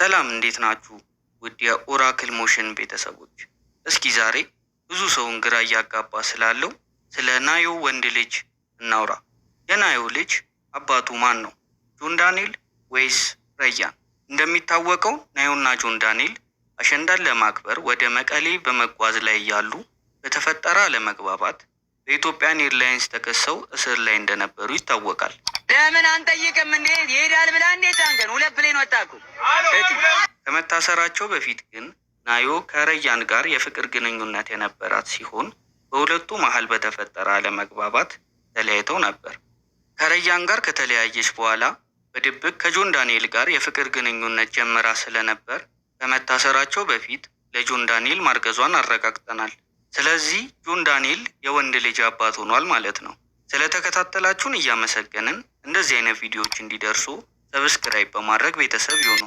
ሰላም እንዴት ናችሁ? ውድ የኦራክል ሞሽን ቤተሰቦች፣ እስኪ ዛሬ ብዙ ሰውን ግራ እያጋባ ስላለው ስለ ናዮ ወንድ ልጅ እናውራ። የናዮ ልጅ አባቱ ማን ነው? ጆን ዳንኤል ወይስ ረያን? እንደሚታወቀው ናዮና ጆን ዳንኤል አሸንዳን ለማክበር ወደ መቀሌ በመጓዝ ላይ እያሉ በተፈጠረ አለመግባባት በኢትዮጵያን ኤርላይንስ ተከሰው እስር ላይ እንደነበሩ ይታወቃል። ለምን አንጠይቅም? እንዴት ይሄዳል ብላ እንዴት አንገን ሁለት ፕሌን ወጣኩ። ከመታሰራቸው በፊት ግን ናዮ ከረያን ጋር የፍቅር ግንኙነት የነበራት ሲሆን በሁለቱ መሀል በተፈጠረ አለመግባባት ተለያይተው ነበር። ከረያን ጋር ከተለያየች በኋላ በድብቅ ከጆን ዳንኤል ጋር የፍቅር ግንኙነት ጀምራ ስለነበር ከመታሰራቸው በፊት ለጆን ዳንኤል ማርገዟን አረጋግጠናል። ስለዚህ ጁን ዳንኤል የወንድ ልጅ አባት ሆኗል ማለት ነው። ስለተከታተላችሁን እያመሰገንን እንደዚህ አይነት ቪዲዮዎች እንዲደርሱ ሰብስክራይብ በማድረግ ቤተሰብ ይሁኑ።